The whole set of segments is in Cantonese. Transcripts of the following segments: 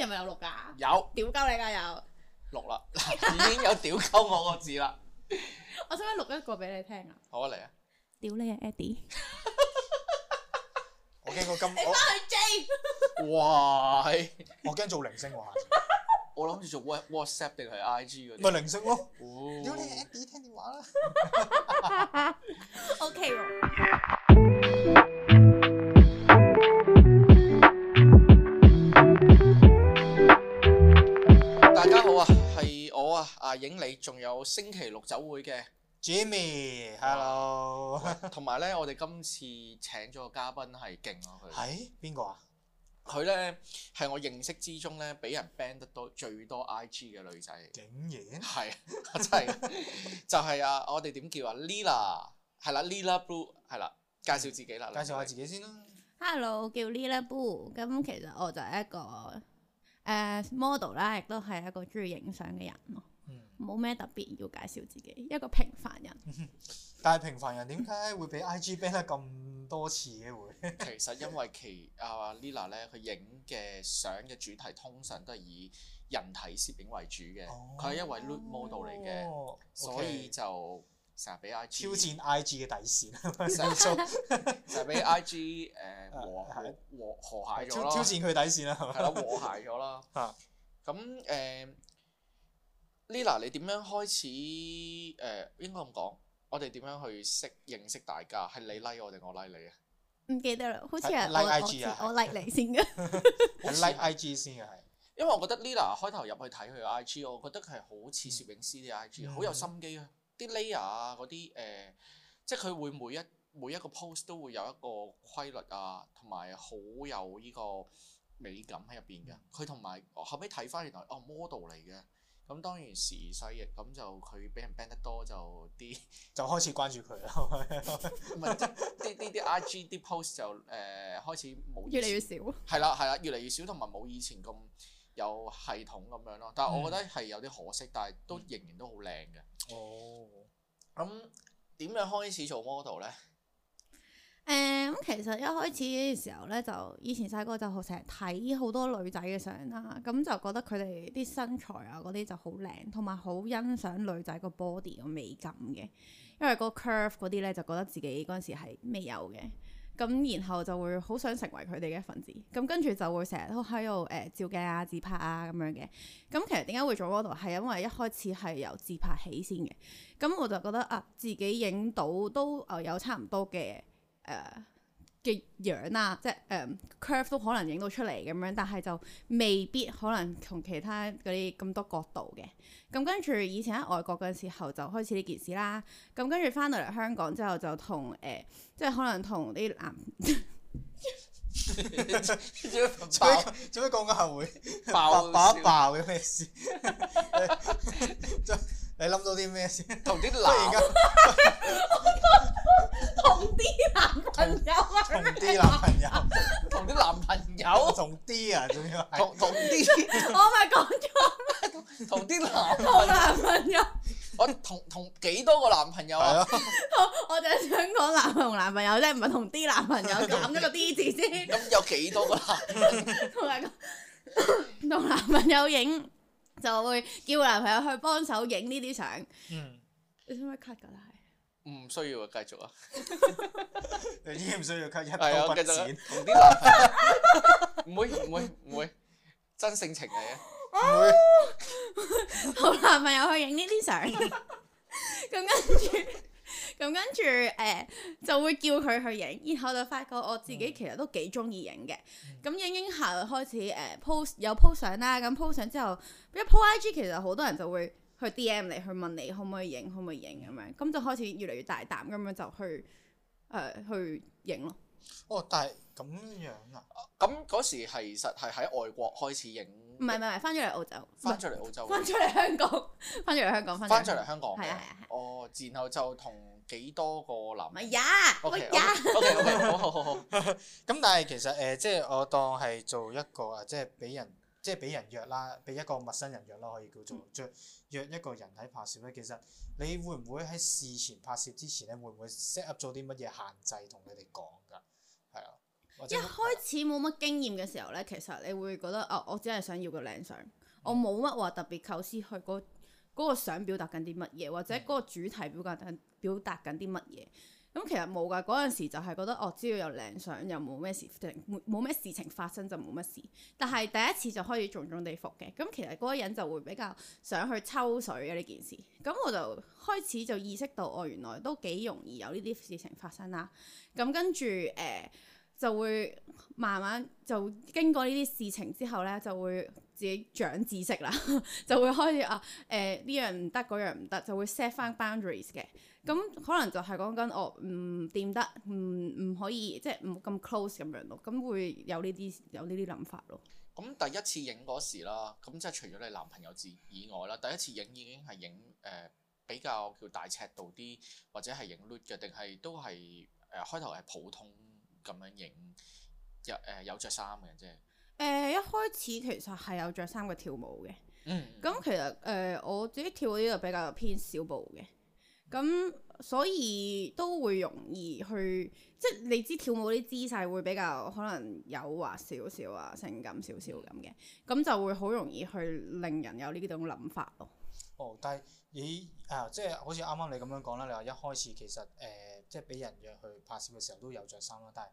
有咪有錄㗎？有屌鳩你㗎有。錄啦，已經有屌鳩我個字啦。我想唔想錄一個俾你聽啊？好啊，嚟啊！屌你啊，Eddie！我驚我今你翻去 J。哇！我驚做鈴聲喎。我諗住做 WhatsApp 定係 IG 嗰啲。咪鈴聲咯。屌你啊，Eddie 聽電話啦。OK 喎。啊影你，仲有星期六酒會嘅 Jimmy，hello，同埋、啊、呢，我哋今次請咗個嘉賓係勁啊。佢係邊個啊？佢呢係我認識之中呢，俾人 ban 得多最多 IG 嘅女仔，竟然係真係就係、是、啊！ 我哋點叫啊？Lyla 係啦，Lyla Boo 係啦，介紹自己啦，介紹下自己先啦。吧 Hello，我叫 Lyla Boo，咁其實我就係一個、uh, model 啦，亦都係一個中意影相嘅人冇咩特別要介紹自己，一個平凡人。但係 平凡人點解會俾 I G ban 得咁多次嘅？會 其實因為其啊 Lyla 咧，佢影嘅相嘅主題通常都係以人體攝影為主嘅。佢係、哦、一位 nude model 嚟嘅，哦、所以就成日俾 I G 挑戰 I G 嘅底線，成日俾 I G 誒和和和諧咗挑，挑戰佢底線啦，係咪？ 和諧咗啦。嚇！ 咁誒。嗯 Lyla 你點樣開始？誒、呃，應該咁講，我哋點樣去識認識大家係你 like 我定我 like 你啊？唔記得啦，好似 like I G 啊，我 like 你先嘅，like I G 先嘅係，因為我覺得 Lyla 開頭入去睇佢 I G，我覺得佢係好似攝影師啲 I G，好有心機啊。啲 layer 啊，嗰啲誒，即係佢會每一每一個 post 都會有一個規律啊，同埋好有呢個美感喺入邊嘅。佢同埋我後尾睇翻原來，來哦 model 嚟嘅。咁當然時勢亦咁就佢俾人 ban 得多就啲就開始關注佢啦，唔係即係啲啲啲 IG 啲 post 就誒開始冇越嚟越少，係啦係啦越嚟越少同埋冇以前咁有系統咁樣咯，但係我覺得係有啲可惜，但係都仍然都好靚嘅。哦、嗯，咁點樣開始做 model 咧？誒，咁、嗯、其實一開始嘅時候咧，就以前細個就好成日睇好多女仔嘅相啦，咁就覺得佢哋啲身材啊嗰啲就好靚，同埋好欣賞女仔個 body 嘅美感嘅，因為個 curve 嗰啲咧就覺得自己嗰陣時係未有嘅，咁然後就會好想成為佢哋嘅一份子，咁跟住就會成日都喺度誒照鏡啊、自拍啊咁樣嘅。咁其實點解會做 model 係因為一開始係由自拍起先嘅，咁我就覺得啊自己影到都誒有差唔多嘅。誒嘅樣啊，即係誒、呃、curve 都可能影到出嚟咁樣，但係就未必可能同其他嗰啲咁多角度嘅。咁跟住以前喺外國嘅時候就開始呢件事啦。咁跟住翻到嚟香港之後就同誒、呃，即係可能同啲男，做咩講個後會爆爆一爆嘅咩事？ 你諗到啲咩先？同啲男。同啲男朋友啊，同啲男朋友，同啲男朋友，同啲啊，仲要係同啲。我咪講咗！同啲男同男朋友。我同同幾多個男朋友啊？好，我就係想講男同男朋友啫，唔係同啲男朋友減一個啲字先。咁有幾多個啦？同埋同男朋友影就會叫男朋友去幫手影呢啲相。嗯，你使唔使 cut 噶啦？唔需要啊，繼續啊！你依唔需要加一筆錢同啲男？唔、哎、 會唔會唔會，會，真性情嚟啊！ 好男朋友去影呢啲相，咁跟住咁跟住誒，就會叫佢去影，然後就發覺我自己其實都幾中意影嘅。咁影影下開始誒、欸、post 有 post 相啦，咁 post 相之後一 post IG 其實好多人就會。去 D.M. 你去問你可唔可以影，可唔可以影咁樣，咁就開始越嚟越大膽咁樣就去誒去影咯。哦，但係咁樣啊？咁嗰時其實係喺外國開始影，唔係唔係，翻咗嚟澳洲，翻咗嚟澳洲，翻咗嚟香港，翻咗嚟香港，翻咗嚟香港，係啊係啊係。哦，然後就同幾多個男？咪呀，O.K. O.K. O.K. 好好好。咁但係其實誒，即係我當係做一個啊，即係俾人。即係俾人約啦，俾一個陌生人約啦，可以叫做、嗯、約一個人喺拍攝咧。其實你會唔會喺事前拍攝之前咧，會唔會 set up 做啲乜嘢限制同佢哋講㗎？係啊，或者一開始冇乜經驗嘅時候咧，其實你會覺得啊、哦，我只係想要個靚相，嗯、我冇乜話特別構思去嗰、嗰、嗰個想、嗰個、表達緊啲乜嘢，或者嗰個主題表達緊、嗯、表達緊啲乜嘢。咁其實冇噶，嗰陣時就係覺得哦，只要有靚相，又冇咩事，冇咩事情發生就冇乜事。但係第一次就開始重重地服嘅。咁其實嗰個人就會比較想去抽水嘅呢件事。咁我就開始就意識到，我、哦、原來都幾容易有呢啲事情發生啦。咁跟住誒、呃、就會慢慢就經過呢啲事情之後呢，就會自己長知識啦， 就會開始啊誒呢、呃、樣唔得，嗰樣唔得，就會 set 翻 boundaries 嘅。咁、嗯、可能就係講緊我唔掂得，唔、嗯、唔可以即係唔咁 close 咁樣咯，咁、嗯、會有呢啲有呢啲諗法咯。咁、嗯、第一次影嗰時啦，咁即係除咗你男朋友之以外啦，第一次影已經係影誒比較叫大尺度啲，或者係影 nude 嘅，定係都係誒開頭係普通咁樣影，有誒、呃、有著衫嘅，即係、嗯呃、一開始其實係有着衫嘅跳舞嘅。嗯。咁其實誒、呃、我自己跳呢個比較偏小步嘅。咁所以都會容易去，即係你知跳舞啲姿勢會比較可能誘惑少少啊，性感少少咁嘅，咁就會好容易去令人有呢種諗法咯。哦，但係咦，啊，即係好似啱啱你咁樣講啦，你話一開始其實誒，即係俾人約去拍攝嘅時候都有着衫啦，但係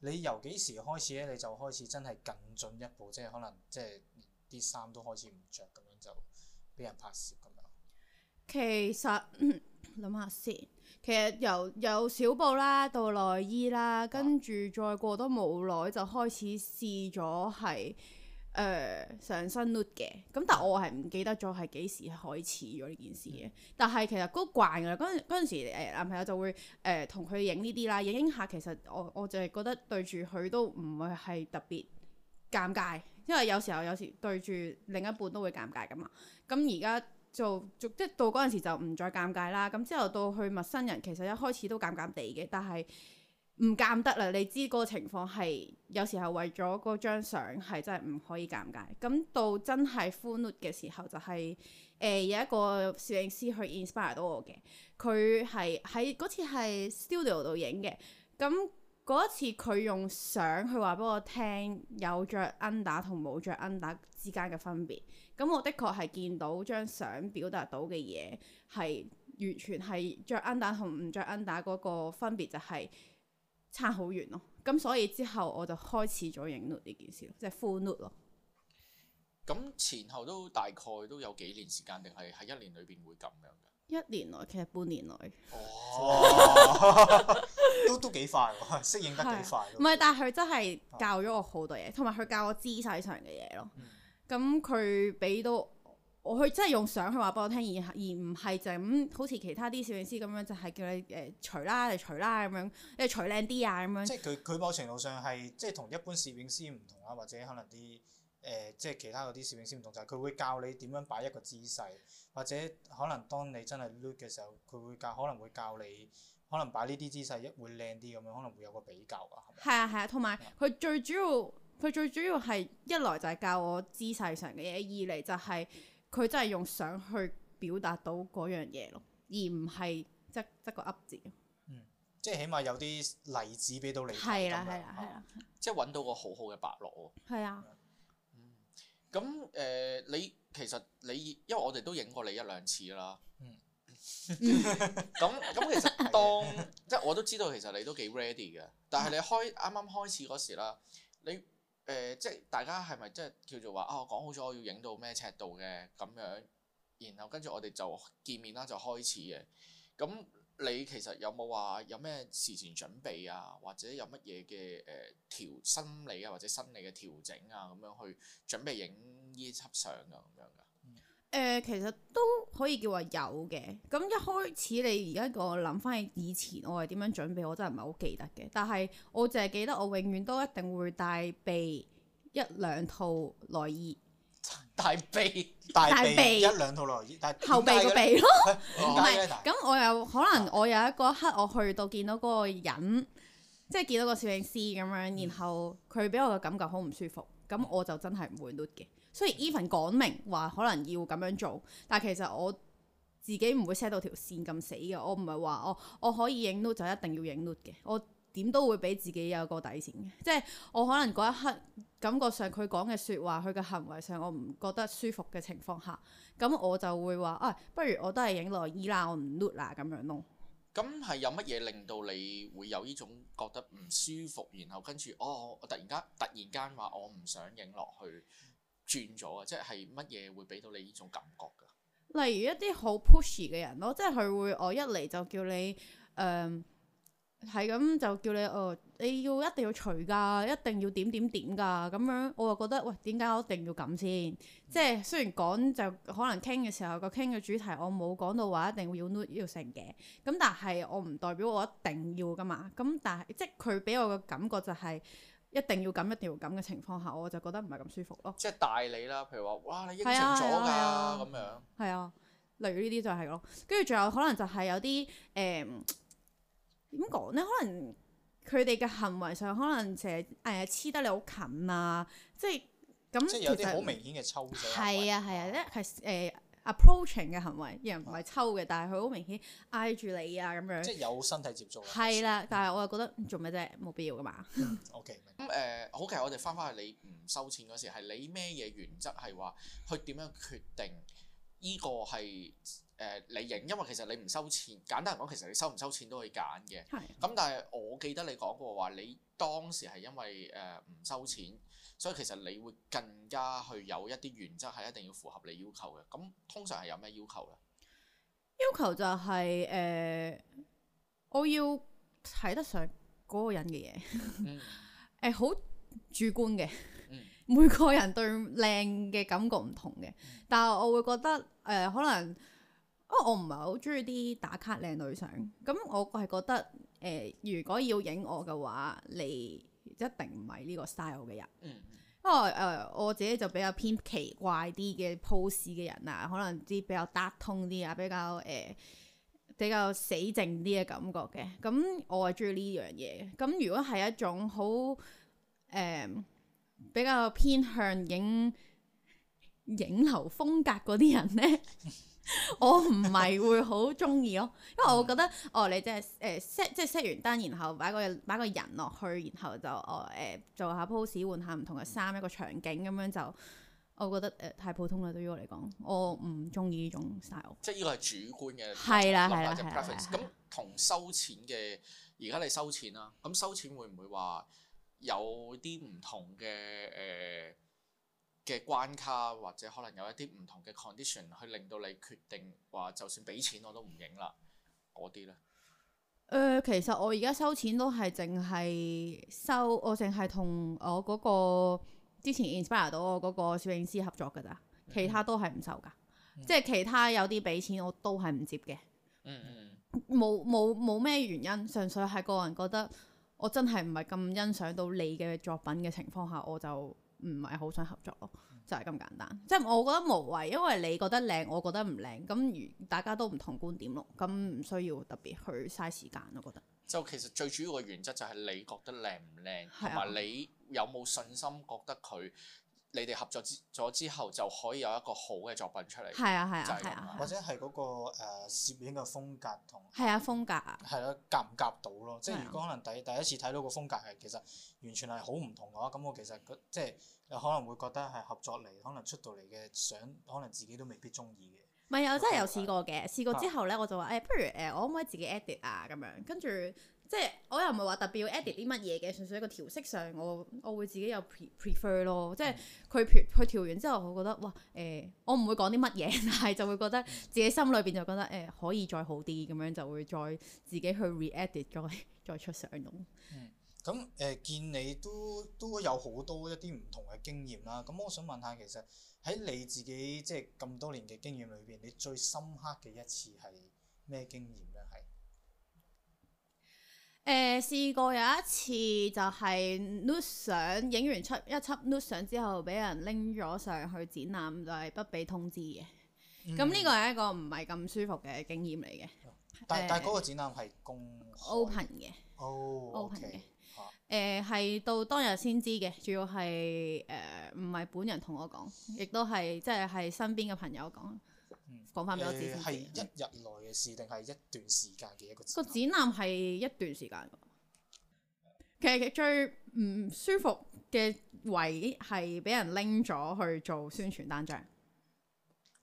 你由幾時開始咧，你就開始真係更進一步，即係可能即係連啲衫都開始唔着咁樣就俾人拍攝咁樣。其實。諗下先，其實由由小布啦到內衣啦，啊、跟住再過多冇耐就開始試咗係誒上身 lut 嘅，咁但我係唔記得咗係幾時開始咗呢件事嘅。嗯、但係其實都慣嘅啦，嗰陣嗰陣時誒男朋友就會誒同佢影呢啲啦，影、呃、影下其實我我就係覺得對住佢都唔會係特別尷尬，因為有時候有時對住另一半都會尷尬噶嘛。咁而家。就即係到嗰陣時就唔再尷尬啦。咁之後到去陌生人，其實一開始都尷尷地嘅，但係唔尷得啦。你知嗰個情況係有時候為咗嗰張相係真係唔可以尷尬。咁到真係 full nude 嘅時候，就係、是、誒、呃、有一個攝影師去 inspire 到我嘅。佢係喺嗰次係 studio 度影嘅。咁嗰一次佢用相，去話俾我聽有着 under 同冇着 under 之間嘅分別。咁我的確係見到張相表達到嘅嘢係完全係着 Under 同唔着 Under 嗰個分別就係差好遠咯。咁所以之後我就開始咗影 nude 呢件事咯，即係 full nude 咯。咁前後都大概都有幾年時間，定係喺一年裏邊會咁樣嘅？一年內，其實半年內哦， 都都幾快喎、啊，適應得幾快，唔係、啊，但係佢真係教咗我好多嘢，同埋佢教我姿勢上嘅嘢咯。嗯。咁佢俾到，去我佢真係用相去話俾我聽，而而唔係就係咁、嗯，好似其他啲攝影師咁樣，就係、是、叫你誒、呃、除啦，就除啦咁樣，你除靚啲啊咁樣。即係佢某程度上係即係同一般攝影師唔同啦，或者可能啲誒、呃、即係其他嗰啲攝影師唔同就係、是、佢會教你點樣擺一個姿勢，或者可能當你真係 look 嘅時候，佢會教可能會教你可能擺呢啲姿勢會一會靚啲咁樣，可能會有個比較㗎。係啊係啊，同埋佢最主要。佢最主要係一來就係教我姿勢上嘅嘢，二嚟就係佢真係用相去表達到嗰樣嘢咯，而唔係即即個 up 字。嗯、即係起碼有啲例子俾到你睇咁啊，即係揾到個好好嘅白蘿喎。係啊，嗯、啊，咁誒、啊啊呃，你其實你因為我哋都影過你一兩次啦。嗯，咁 咁其實當 即我都知道，其實你都幾 ready 嘅，但係你開啱啱開始嗰時啦，你。誒、呃，即係大家係咪即係叫做話啊？我講好咗，我要影到咩尺度嘅咁樣，然後跟住我哋就見面啦，就開始嘅。咁你其實有冇話有咩事前準備啊？或者有乜嘢嘅誒調生理啊，或者心理嘅調整啊，咁樣去準備影呢輯相啊？咁樣㗎？誒、呃，其實都可以叫話有嘅。咁一開始你而家個諗返起以前，我係點樣準備，我真係唔係好記得嘅。但係我淨係記得我永遠都一定會帶備一兩套內衣。帶備帶備一兩套內衣，鼻後備個備咯。唔係咁，是我又可能我有一個刻，我去到見到嗰個人，即係見到個攝影師咁樣，然後佢俾我嘅感覺好唔舒服，咁我就真係唔會擼嘅。雖然 even 講明話可能要咁樣做，但係其實我自己唔會 set 到條線咁死嘅。我唔係話我我可以影 nude 就一定要影 nude 嘅。我點都會俾自己有個底線嘅，即係我可能嗰一刻感覺上佢講嘅説話，佢嘅行為上我唔覺得舒服嘅情況下，咁我就會話啊、哎，不如我都係影落依啦影內衣，我唔 nude 啊咁樣咯。咁係有乜嘢令到你會有呢種覺得唔舒服，然後跟住哦，我突然間突然間話我唔想影落去？轉咗啊！即係乜嘢會俾到你呢種感覺噶？例如一啲好 pushy 嘅人咯，即係佢會我一嚟就叫你，嗯、呃，係咁就叫你，哦，你要一定要除噶，一定要點點點噶咁樣，我又覺得喂，點、呃、解我一定要咁先？嗯、即係雖然講就可能傾嘅時候個傾嘅主題，我冇講到話一定要要成嘅，咁但係我唔代表我一定要噶嘛。咁但係即係佢俾我嘅感覺就係、是。一定要咁，一定要咁嘅情況下，我就覺得唔係咁舒服咯。即係大你啦，譬如話，哇，你應承咗㗎咁樣。係啊，例如呢啲就係咯，跟住仲有可能就係有啲誒點講咧？可能佢哋嘅行為上可能成日誒黐得你好近啊，即係咁。即係有啲好明顯嘅抽。係啊係啊，即係誒。Approaching 嘅行為，人唔係抽嘅，但係佢好明顯挨住你啊咁樣。即係有身體接觸。係啦，但係我又覺得、嗯、做咩啫？冇必要噶嘛。O、okay, K。咁誒、嗯，好嘅，其實我哋翻返去你唔收錢嗰時，係你咩嘢原則係話去點樣決定呢個係誒、呃、你影？因為其實你唔收錢，簡單嚟講，其實你收唔收錢都可以揀嘅。係的。咁、嗯、但係我記得你講過話，你當時係因為誒唔、呃、收錢。所以其實你會更加去有一啲原則係一定要符合你要求嘅。咁通常係有咩要求嘅？要求就係、是、誒、呃，我要睇得上嗰個人嘅嘢。誒、嗯，好、呃、主觀嘅。嗯、每個人對靚嘅感覺唔同嘅，嗯、但係我會覺得誒、呃，可能因為我唔係好中意啲打卡靚女相，咁我係覺得誒、呃，如果要影我嘅話，你一定唔係呢個 style 嘅人，因為誒我自己就比較偏奇怪啲嘅 pose 嘅人啊，可能啲比較 dark tone 啲啊，比較誒、呃、比較死靜啲嘅感覺嘅，咁我係中意呢樣嘢。咁如果係一種好誒、呃、比較偏向影影樓風格嗰啲人咧？ 我唔係會好中意咯，因為我覺得、嗯、哦，你、就是呃、即係誒 set 即係 set 完燈，然後擺個擺個人落去，然後就哦誒、呃、做下 pose，換下唔同嘅衫，嗯、一個場景咁樣就，我覺得誒、呃、太普通啦，對於我嚟講，我唔中意呢種 style。即係呢個係主觀嘅，係啦係啦係啦。咁同收錢嘅，而家你收錢啦，咁收錢會唔會話有啲唔同嘅誒？呃嘅關卡或者可能有一啲唔同嘅 condition 去令到你決定，話就算俾錢我都唔影啦嗰啲咧。誒、呃，其實我而家收錢都係淨係收，我淨係同我嗰、嗰個之前 inspire 到我嗰個攝影師合作㗎咋，其他都係唔收㗎。嗯、即係其他有啲俾錢我都係唔接嘅。嗯，冇冇冇咩原因，純粹係個人覺得我真係唔係咁欣賞到你嘅作品嘅情況下，我就。唔係好想合作咯，就係、是、咁簡單。即係我覺得無謂，因為你覺得靚，我覺得唔靚，咁如大家都唔同觀點咯，咁唔需要特別去嘥時間咯，覺得。就其實最主要嘅原則就係你覺得靚唔靚，同埋、啊、你有冇信心覺得佢。你哋合作之咗之後，就可以有一個好嘅作品出嚟，啊啊、或者係嗰、嗰個誒、呃、攝影嘅風格同，係啊風格睇、啊、得夾唔夾到咯？啊、即係如果可能第第一次睇到個風格係其實完全係好唔同嘅話，咁我其實個即係可能會覺得係合作嚟，可能出到嚟嘅相，可能自己都未必中意嘅。唔係，我真係有試過嘅。試過之後咧，我就話誒、欸，不如誒、欸，我可唔可以自己 edit 啊？咁樣跟住，即係我又唔係話特別要 edit 啲乜嘢嘅，嗯、純粹一個調色上，我我會自己有 pre prefer 咯。即係佢調佢調完之後，我覺得哇誒、欸，我唔會講啲乜嘢，但係就會覺得、嗯、自己心裏邊就覺得誒、欸、可以再好啲咁樣，就會再自己去 re edit 再再出相咯。嗯咁誒、呃，見你都都有好多一啲唔同嘅經驗啦。咁我想問下，其實喺你自己即係咁多年嘅經驗裏邊，你最深刻嘅一次係咩經驗咧？係誒、呃、試過有一次就係 nude 相影完出一輯 nude 相之後，俾人拎咗上去展覽，就係、是、不俾通知嘅。咁呢、嗯、個係一個唔係咁舒服嘅經驗嚟嘅。但、呃、但嗰個展覽係公開 open 嘅的、oh, okay.，open 嘅。誒係、呃、到當日先知嘅，主要係誒唔係本人同我講，亦都係即係係身邊嘅朋友講講翻俾我知。係、呃、一日內嘅事定係一段時間嘅一個展覽？個展覽係一段時間。其實最唔舒服嘅位係俾人拎咗去做宣傳單張。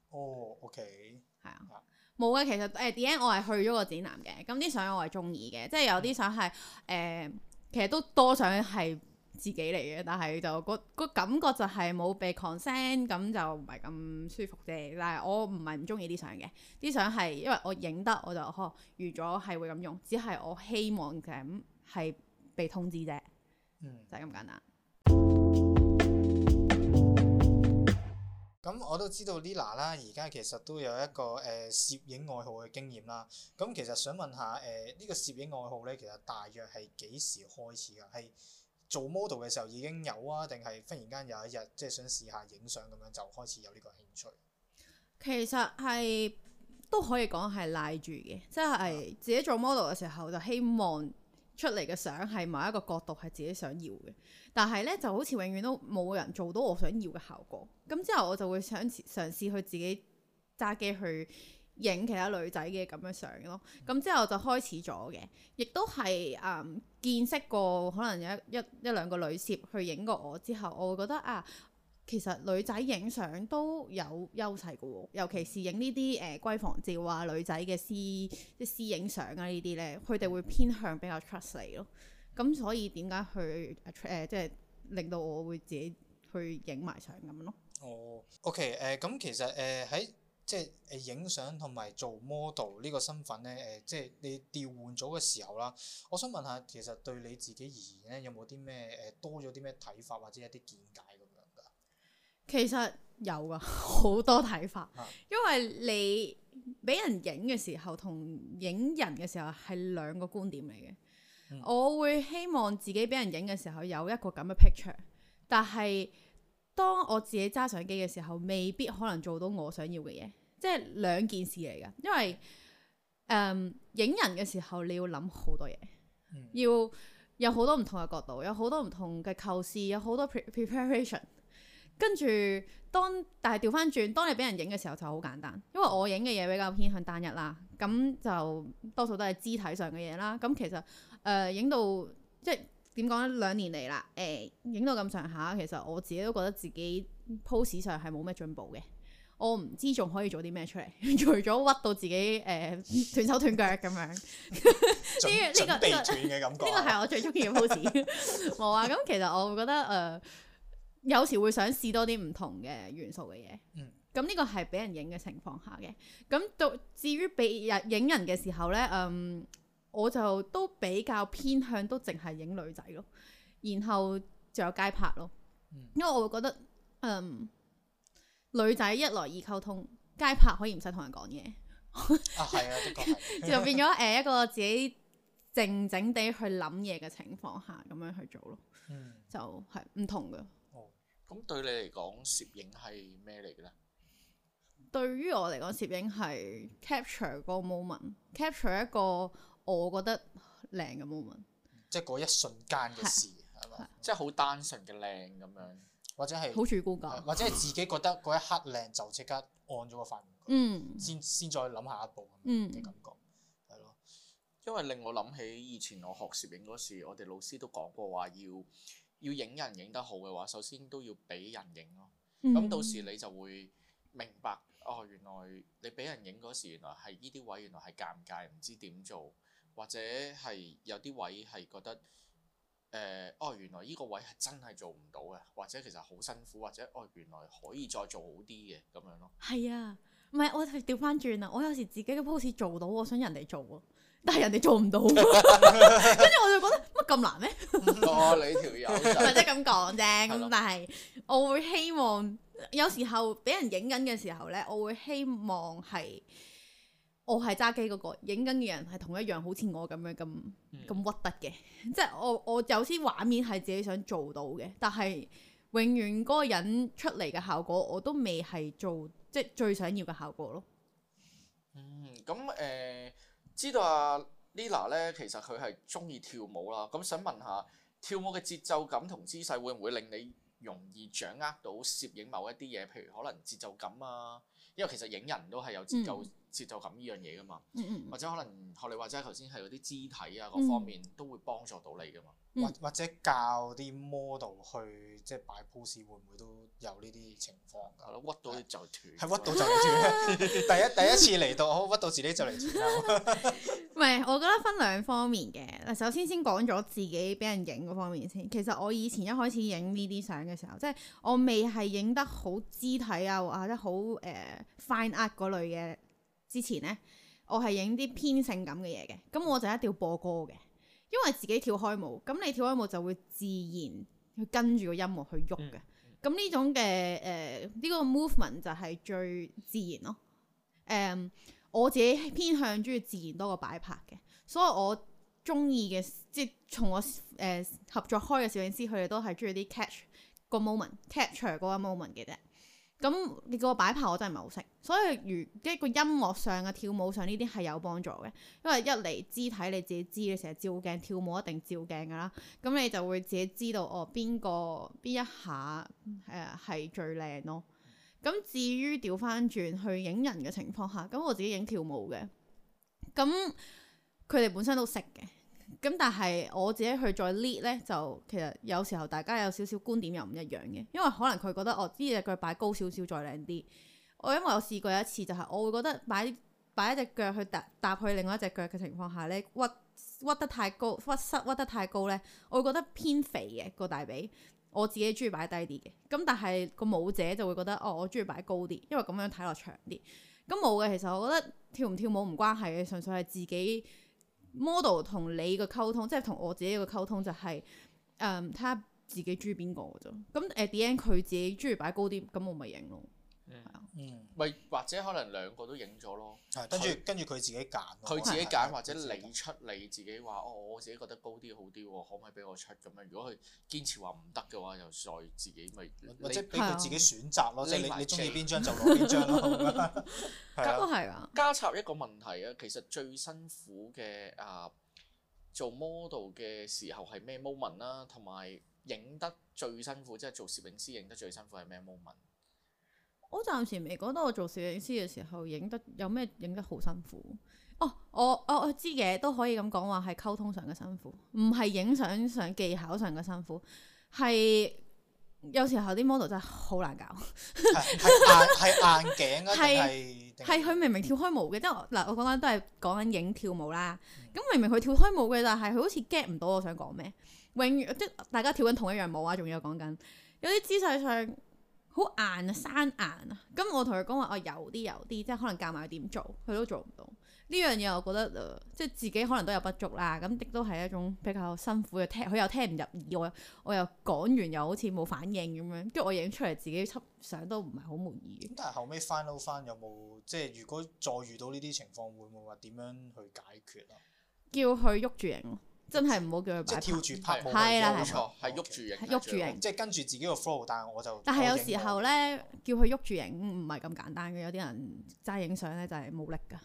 哦，OK，係啊，冇嘅、啊。其實誒、呃、，D 我係去咗個展覽嘅，咁啲相我係中意嘅，即係有啲相係誒。嗯呃其實都多想係自己嚟嘅，但係就個感覺就係冇被 consent 咁就唔係咁舒服啫。但係我唔係唔中意啲相嘅，啲相係因為我影得我就呵預咗係會咁用，只係我希望咁係被通知啫，嗯，就係咁簡單。咁、嗯、我都知道 Lyla 啦，而家其實都有一個誒、呃、攝影愛好嘅經驗啦。咁、嗯、其實想問下誒呢、呃這個攝影愛好咧，其實大約係幾時開始噶？係做 model 嘅時候已經有啊，定係忽然間有一日即係想試下影相咁樣就開始有呢個興趣？其實係都可以講係拉住嘅，即係自己做 model 嘅時候就希望。出嚟嘅相係某一個角度係自己想要嘅，但係咧就好似永遠都冇人做到我想要嘅效果。咁之後我就會想嘗試去自己揸機去影其他女仔嘅咁樣相咯。咁之後就開始咗嘅，亦都係誒、嗯、見識過可能一一一兩個女攝去影過我之後，我會覺得啊。其實女仔影相都有優勢嘅喎，哦，尤其是影呢啲誒閨房照啊，女仔嘅私即係私影相啊呢啲咧，佢哋會偏向比較 trust 你咯。咁、嗯、所以點解去誒、呃、即係令到我會自己去影埋相咁咯。哦、oh，OK 誒、呃，咁、嗯、其實誒喺、呃、即係誒影相同埋做 model 呢個身份咧誒，即係你調換咗嘅時候啦，我想問下，其實對你自己而言咧，有冇啲咩誒多咗啲咩睇法或者一啲見解咁樣？其實有噶好多睇法，因為你俾人影嘅時候同影人嘅時候係兩個觀點嚟嘅。嗯、我會希望自己俾人影嘅時候有一個咁嘅 picture，但係當我自己揸相機嘅時候，未必可能做到我想要嘅嘢。即、就、係、是、兩件事嚟㗎，因為誒影、嗯、人嘅時候你要諗好多嘢，嗯、要有好多唔同嘅角度，有好多唔同嘅構思，有好多 preparation。Pre 跟住，當但係調翻轉，當你俾人影嘅時候就好簡單，因為我影嘅嘢比較偏向單一啦，咁就多數都係肢體上嘅嘢啦。咁其實誒影、呃、到即係點講呢？兩年嚟啦，誒、欸、影到咁上下，其實我自己都覺得自己 pose 上係冇咩進步嘅。我唔知仲可以做啲咩出嚟，除咗屈到自己誒、呃、斷手斷腳咁樣，呢個呢個呢個係我最中意嘅 pose。冇啊，咁其實我會覺得誒，呃有時會想試多啲唔同嘅元素嘅嘢，咁呢、嗯、個係俾人影嘅情況下嘅。咁到至於俾人影人嘅時候呢，嗯，我就都比較偏向都淨係影女仔咯，然後仲有街拍咯，嗯，因為我會覺得，嗯，女仔一來二溝通，街拍可以唔使同人講嘢，啊係啊，就變咗誒一個自己靜靜地去諗嘢嘅情況下咁樣去做咯，嗯，就係唔同嘅。咁對你嚟講，攝影係咩嚟嘅咧？對於我嚟講，攝影係 capture 個 moment，capture 一個我覺得靚嘅 moment，嗯、即係嗰一瞬間嘅事，係咪？即係好單純嘅靚咁樣，或者係好主觀，或者係自己覺得嗰一刻靚就即刻按咗個快門，嗯，先先再諗下一步，嗯咁嘅感覺，係咯、嗯。因為令我諗起以前我學攝影嗰時，我哋老師都講過話要。要影人影得好嘅話，首先都要俾人影咯。咁、嗯、到時你就會明白，哦，原來你俾人影嗰時，原來係呢啲位，原來係尷尬，唔知點做，或者係有啲位係覺得、呃，哦，原來呢個位係真係做唔到嘅，或者其實好辛苦，或者哦，原來可以再做好啲嘅咁樣咯。係啊，唔係我係調翻轉啊！我有時自己嘅 pose 做到，我想人哋做喎，但係人哋做唔到，跟住我就覺得。咁難咩？唔 錯、哦、你條友，或者咁講啫咁， 對吧 但係我會希望有時候俾人影緊嘅時候咧，我會希望係我係揸機嗰、那個影緊嘅人係同一樣，好似我咁樣咁咁屈得嘅，即係、嗯就是、我我有啲畫面係自己想做到嘅，但係永遠嗰個人出嚟嘅效果我都未係做即係最想要嘅效果咯。嗯，咁誒、呃、知道啊？Lyla 咧，其實佢係中意跳舞啦。咁想問下，跳舞嘅節奏感同姿勢會唔會令你容易掌握到攝影某一啲嘢？譬如可能節奏感啊，因為其實影人都係有節奏。嗯節奏感呢樣嘢㗎嘛，嗯嗯，或者可能學你或者頭先係嗰啲肢體啊嗰方面都會幫助到你㗎嘛，或、嗯、或者教啲 model 去即係擺 pose 會唔會都有呢啲情況㗎？係咯，屈到就斷，係屈到就斷。第一第一次嚟到，好屈到自己就嚟斷。唔係， 我覺得分兩方面嘅嗱，首先先講咗自己俾人影嗰方面先。其實我以前一開始影呢啲相嘅時候，即係我未係影得好肢體啊，或者好誒 fine art 嗰類嘅。之前呢，我係影啲偏性感嘅嘢嘅，咁我就一定要播歌嘅，因為自己跳開舞，咁你跳開舞就會自然去跟住個音樂去喐嘅，咁呢種嘅誒呢個 movement 就係最自然咯。誒、嗯，我自己偏向中意自然多過擺拍嘅，所以我中意嘅即係從我誒、呃、合作開嘅攝影師，佢哋都係中意啲 catch 個 moment，catch 嗰個 moment 嘅啫。咁你叫我擺拍，我真係唔係好識。所以如一個音樂上啊、跳舞上呢啲係有幫助嘅，因為一嚟肢體你自己知，你成日照鏡跳舞一定照鏡㗎啦，咁你就會自己知道哦邊個邊一下誒係、呃、最靚咯。咁至於掉返轉去影人嘅情況下，咁我自己影跳舞嘅，咁佢哋本身都識嘅。咁但係我自己去再 lead 咧，就其實有時候大家有少少觀點又唔一樣嘅，因為可能佢覺得哦，呢隻腳擺高少少再靚啲。我因為我試過有一次就係，我會覺得擺擺一隻腳去搭搭去另外一隻腳嘅情況下咧，屈屈得太高，屈膝屈得太高咧，我會覺得偏肥嘅個大髀。我自己中意擺低啲嘅，咁但係個舞者就會覺得哦，我中意擺高啲，因為咁樣睇落長啲。咁冇嘅，其實我覺得跳唔跳舞唔關係嘅，純粹係自己。model 同你嘅溝通，即係同我自己嘅個溝通，就是，就係誒，睇下自己中意邊個嘅啫。咁誒 d n 佢自己中意擺高啲，咁我咪影咯。嗯，咪或者可能兩個都影咗咯，跟住跟住佢自己揀，佢自己揀或者你出你自己話哦，我自己覺得高啲好啲喎，可唔可以俾我出咁樣？如果佢堅持話唔得嘅話，就再自己咪或者俾佢自己選擇咯，即係你你中意邊張就攞邊張咯。係啊，加插一個問題啊，其實最辛苦嘅啊做 model 嘅時候係咩 moment 啦，同埋影得最辛苦，即係做攝影師影得最辛苦係咩 moment？我暫時未覺得我做攝影師嘅時候影得有咩影得好辛苦哦！我我、哦、我知嘅都可以咁講話係溝通上嘅辛苦，唔係影相上技巧上嘅辛苦，係有時候啲 model 真係好難搞，係硬係硬頸，係係佢明明跳開舞嘅，嗯、即係嗱我講緊、呃、都係講緊影跳舞啦。咁明明佢跳開舞嘅，但係佢好似 get 唔到我想講咩，永遠即大家跳緊同一樣舞啊，仲要講緊有啲姿勢上。好硬啊，生硬啊！咁我同佢講話，我有啲有啲，即係可能教埋佢點做，佢都做唔到呢樣嘢。我覺得誒、呃，即係自己可能都有不足啦。咁亦都係一種比較辛苦嘅聽，佢又聽唔入耳。我，我又講完，又好似冇反應咁樣。跟住我影出嚟，自己執相都唔係好滿意。咁但係後尾返到返，有冇，即係如果再遇到呢啲情況，會唔會話點樣去解決啊？叫佢喐住影真係唔好叫佢，即係跳住拍，係啦，係的，冇錯，係喐住影，喐住影，即係跟住自己個 flow，但係我就，但係有時候咧，叫佢喐住影唔係咁簡單嘅，有啲人齋影相咧就係冇力噶。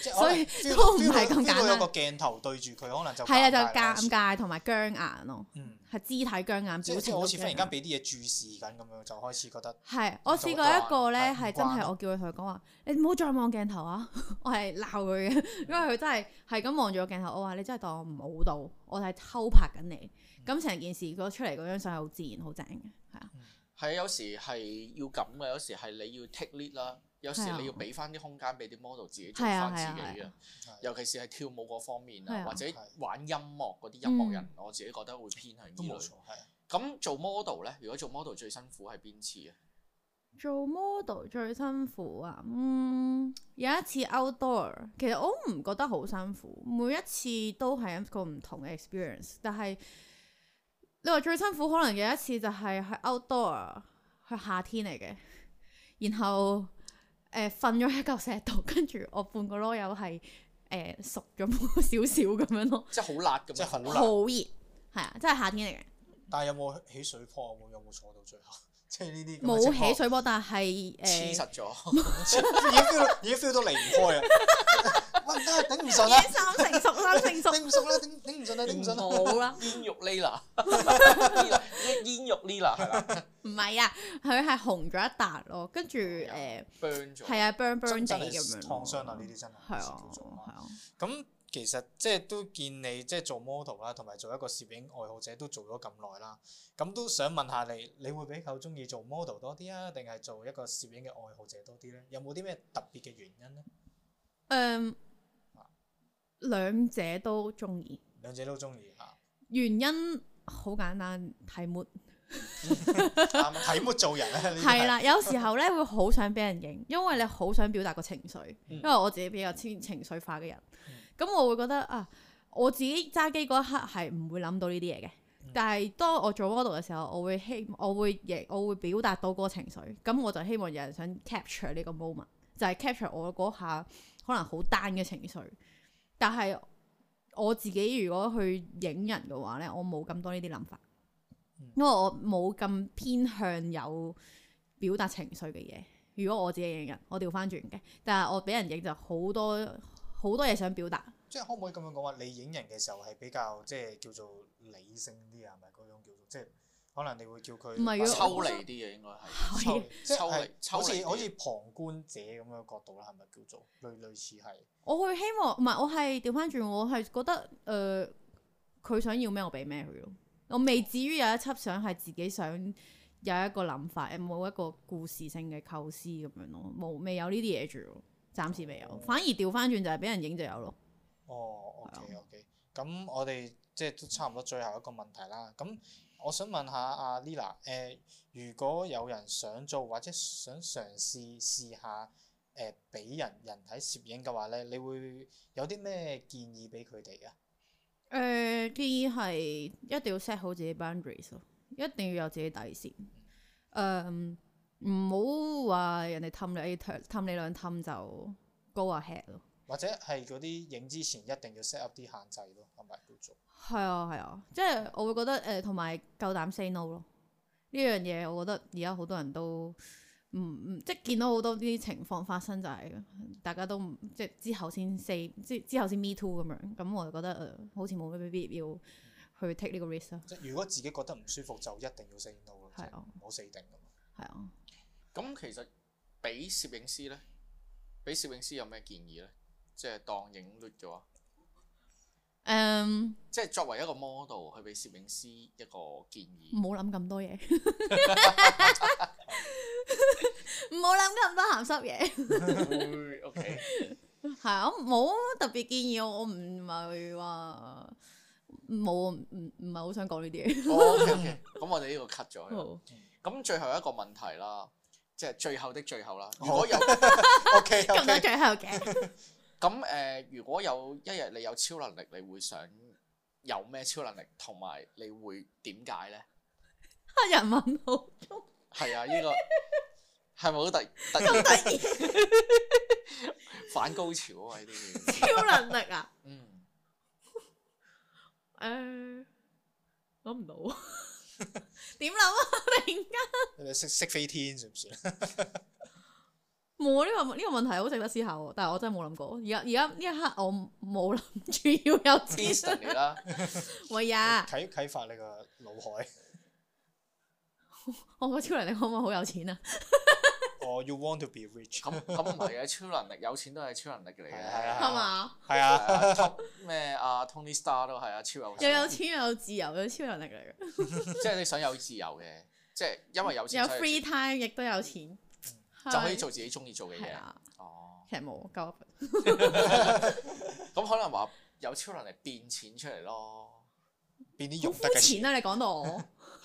即所以覺都唔係咁簡單。佢有個鏡頭對住佢，可能就係啊，就尷尬同埋僵硬咯。嗯，係肢體僵硬，好似好似忽然間俾啲嘢注視緊咁樣，就開始覺得係、嗯說。我試過一個咧，係真係我叫佢佢講話，你唔好再望鏡頭啊！ 我係鬧佢嘅，因為佢真係係咁望住個鏡頭。我話你真係當我唔好到，我係偷拍緊你。咁成、嗯、件事攞出嚟嗰張相係好自然好正嘅，係啊。係啊，有時係要咁嘅，有時係你要 take lead 啦。有時你要俾翻啲空間俾啲 model 自己做翻自己嘅，啊啊啊啊、尤其是係跳舞嗰方面啊，或者玩音樂嗰啲音樂人，我自己覺得會偏向呢類。咁、嗯、冇錯啊、做 model 咧，如果做 model 最辛苦係邊次啊？做 model 最辛苦啊，嗯，有一次 outdoor，其實我唔覺得好辛苦，每一次都係一個唔同嘅 experience，但係你話最辛苦可能有一次就係喺 outdoor，係夏天嚟嘅，然後。誒瞓咗一嚿石度，跟住我半個囉柚係誒熟咗少少咁樣咯，即係好辣咁，即係好辣，好熱，係啊，即係夏天嚟嘅。但係有冇起水泡啊？有冇坐到最後？即係呢啲冇起水泡，但係誒，黐實咗，已經 feel，已經 feel 到離唔開啊！頂唔順啦，三成熟，三成熟，頂唔順啦，頂頂唔順啦，頂唔順啦，煙肉 Lyla，Lyla 煙肉 Lyla 係啦。唔係啊，佢係紅咗一笪咯，跟住誒，係啊，burn burn 哋咁樣，燙傷啊，呢啲真係係啊係啊。咁其實即係、就是、都見你即係、就是、做 model 啦，同埋做一個攝影愛好者都做咗咁耐啦。咁都想問下你，你會比較中意做 model 多啲啊，定係做一個攝影嘅愛好者多啲咧？有冇啲咩特別嘅原因咧？誒、嗯，啊、兩者都中意，兩者都中意嚇。啊、原因好簡單，題目。睇乜 做人咧、啊，係啦了， 有時候咧會好想俾人影，因為你好想表達個情緒。因為我自己比較偏情緒化嘅人，咁、嗯、我會覺得啊，我自己揸機嗰一刻係唔會諗到呢啲嘢嘅。嗯、但係當我做 model 嘅時候，我會希，我會亦我，我會表達到嗰個情緒。咁我就希望有人想 capture 呢個 moment，就係 capture 我嗰下可能好 down 嘅情緒。但係我自己如果去影人嘅話咧，我冇咁多呢啲諗法。因為我冇咁偏向有表達情緒嘅嘢。如果我自己影人，我調翻轉嘅。但係我俾人影就好多好多嘢想表達。即係可唔可以咁樣講話？你影人嘅時候係比較即係叫做理性啲啊，係咪嗰種叫做即係可能你會叫佢是白抽離啲嘢應該係。可以想。好似好似旁觀者咁樣角度啦，係咪叫做類類似係？我會希望，唔係我係調翻轉，我係覺得誒，佢、呃、想要咩，要我俾咩佢咯。我未至於有一輯相係自己想有一個諗法，有冇一個故事性嘅構思咁樣咯？冇，未有呢啲嘢住，暫時未有。哦、反而調翻轉就係俾人影就有咯。哦，OK OK，咁我哋即係都差唔多最後一個問題啦。咁我想問下阿 Lyla，誒、呃，如果有人想做或者想嘗試嘗試下誒俾人人體攝影嘅話咧，你會有啲咩建議俾佢哋啊？誒，建議係一定要 set 好自己 boundaries 咯，一定要有自己底線。誒、呃，唔好話人哋氹你一氹，你兩氹就 go ahead 咯。或者係嗰啲影之前一定要 set up 啲限制咯，係咪叫做？係啊係啊，即係、啊就是、我會覺得誒，同埋夠膽 say no 咯呢樣嘢，我覺得而家好多人都。唔唔、嗯，即係見到好多啲情況發生就，就係大家都唔即係之後先 say，即係之後先 me too 咁樣。咁我就覺得誒、呃，好似冇咩必要去 take 呢個 risk。即係如果自己覺得唔舒服，就一定要 say no 咯的，唔好死定咁。係啊的。咁其實俾攝影師咧，俾攝影師有咩建議咧？即係當影 lead 嘅話，誒，即係作為一個 model 去俾攝影師一個建議，唔好諗咁多嘢。 唔好諗咁多鹹濕嘢。OK，係啊，唔好特別建議我，我唔係話冇，唔唔係好想講呢啲嘢。OK，咁我哋呢度 cut 咗。咁最後一個問題啦，即係最後的最後啦。我 如果有 OK，咁多最後嘅。咁、呃、誒，如果有一日你有超能力， 你會想有咩超能力，同埋你會點解咧？黑人問號。係啊，呢、這個係咪好突？咁突然，突然 反高潮啊！呢啲超能力啊？嗯， 誒，諗唔到，點諗啊？突然間，你哋識識飛天算唔算？冇、這、呢個呢、這個問題好值得思考喎，但係我真係冇諗過。而家而家呢一刻，我冇諗住要有資訊你啦。我 喂呀啟，啟啟發你個腦海。我個超能力可唔可以好有錢啊？哦、 oh,，You want to be rich？咁咁唔係啊，超能力有錢都係超能力嚟嘅。係啊係啊，係 啊，咩啊 Tony Star 都係啊，超有錢又有錢又有自由，有超能力嚟嘅。即係你想有自由嘅，即係因為有錢有 free time，亦都有錢就可以做自己中意做嘅嘢。啊、哦，其實冇夠咁可能話有超能力變錢出嚟咯，變啲肉。好膚淺啊！你講到我。 唔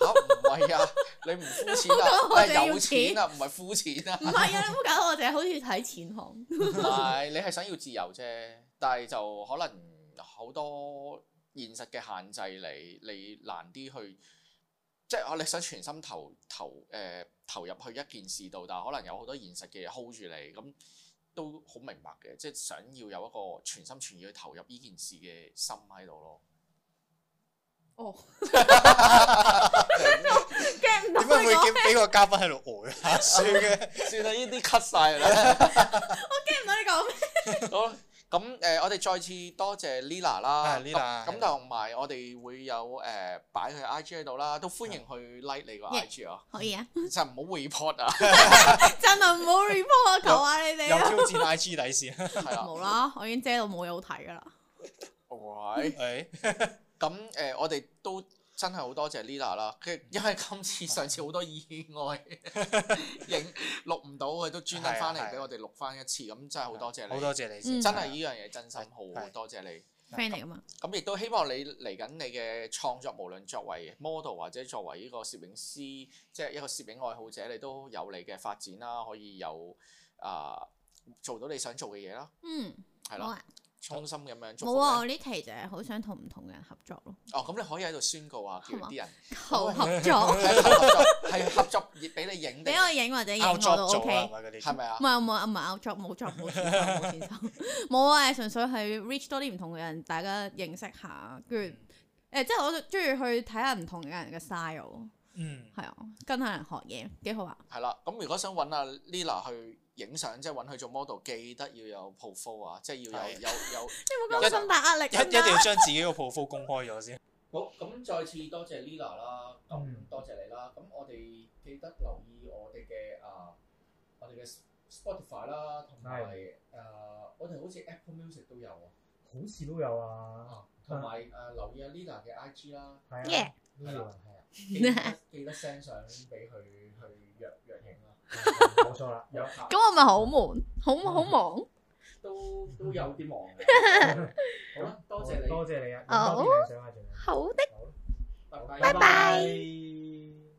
係 啊，啊！你唔膚淺啊，係、啊哎、有錢啊，唔係膚淺啊！唔係啊， 你唔好搞我，哋係好似睇錢行。唔係，你係想要自由啫，但係就可能好多現實嘅限制你，你難啲去，即係我你想全心投投誒、呃、投入去一件事度，但係可能有好多現實嘅嘢 hold 住你，咁都好明白嘅，即係想要有一個全心全意去投入呢件事嘅心喺度咯。哦，驚唔到你咯？點解會見俾個嘉賓喺度呆？ 算嘅，算、 呃、啦，呢啲 cut 曬啦。的我驚唔到你講咩？好咁誒，我哋再次多謝 Lyla 啦，Lyla。咁同埋我哋會有誒擺佢 IG 喺度啦，都歡迎去 like 你個 IG 啊 Yeah,、嗯。可以啊，就唔好 report 啊， 真係唔好 report 啊！求下你哋。有挑戰 IG 底線啦，係啦。冇啦，我已經遮到冇嘢好睇噶啦。喂，係。咁誒、呃，我哋都真係好多謝 Lyla 啦，因為今次上次好多意外影 錄唔到，佢都專登翻嚟俾我哋錄翻一次，咁的真係好多謝你。好多謝你先，嗯、真係呢樣嘢真心好多的謝你，咁亦都希望你嚟緊你嘅創作，無論作為 model 或者作為依個攝影師，即、就、係、是、一個攝影愛好者，你都有你嘅發展啦，可以有啊、呃、做到你想做嘅嘢啦。嗯，係啦的。吧衷心咁樣做。冇啊！我呢期就係好想同唔同嘅人合作咯。哦，咁你可以喺度宣告啊，叫啲人求合作，係合作，係合作，俾你影，俾我影或者影我都 OK。係咪啊？唔係唔係唔係，合作冇合作冇錢收，冇啊！純粹係 reach 多啲唔同嘅人，大家認識下。跟住誒，即係我中意去睇下唔同嘅人嘅 style。嗯，係啊，跟下人學嘢幾好啊。係啦，咁如果想揾阿 Lyla 去。影相，即係揾佢做 model，記得要有 portfolio，即係要有有有。冇咁大壓力啊！一一定要將自己個 portfolio 公開咗先。好，咁再次多謝 Lyla 啦，咁多謝你啦。咁我哋記得留意我哋嘅啊，我哋嘅 Spotify 啦，同埋誒我哋好似 Apple Music 都有啊，好似都有啊。同埋誒留意阿 Lyla 嘅 IG 啦，係啊，都有，記得記得 send 相俾佢去。冇、 嗯、錯啦，咁我咪好悶，好好忙，都都有啲忙嘅。好啦，多謝你，多謝你啊。好、哦啊哦，好的，好，拜拜。拜拜拜拜。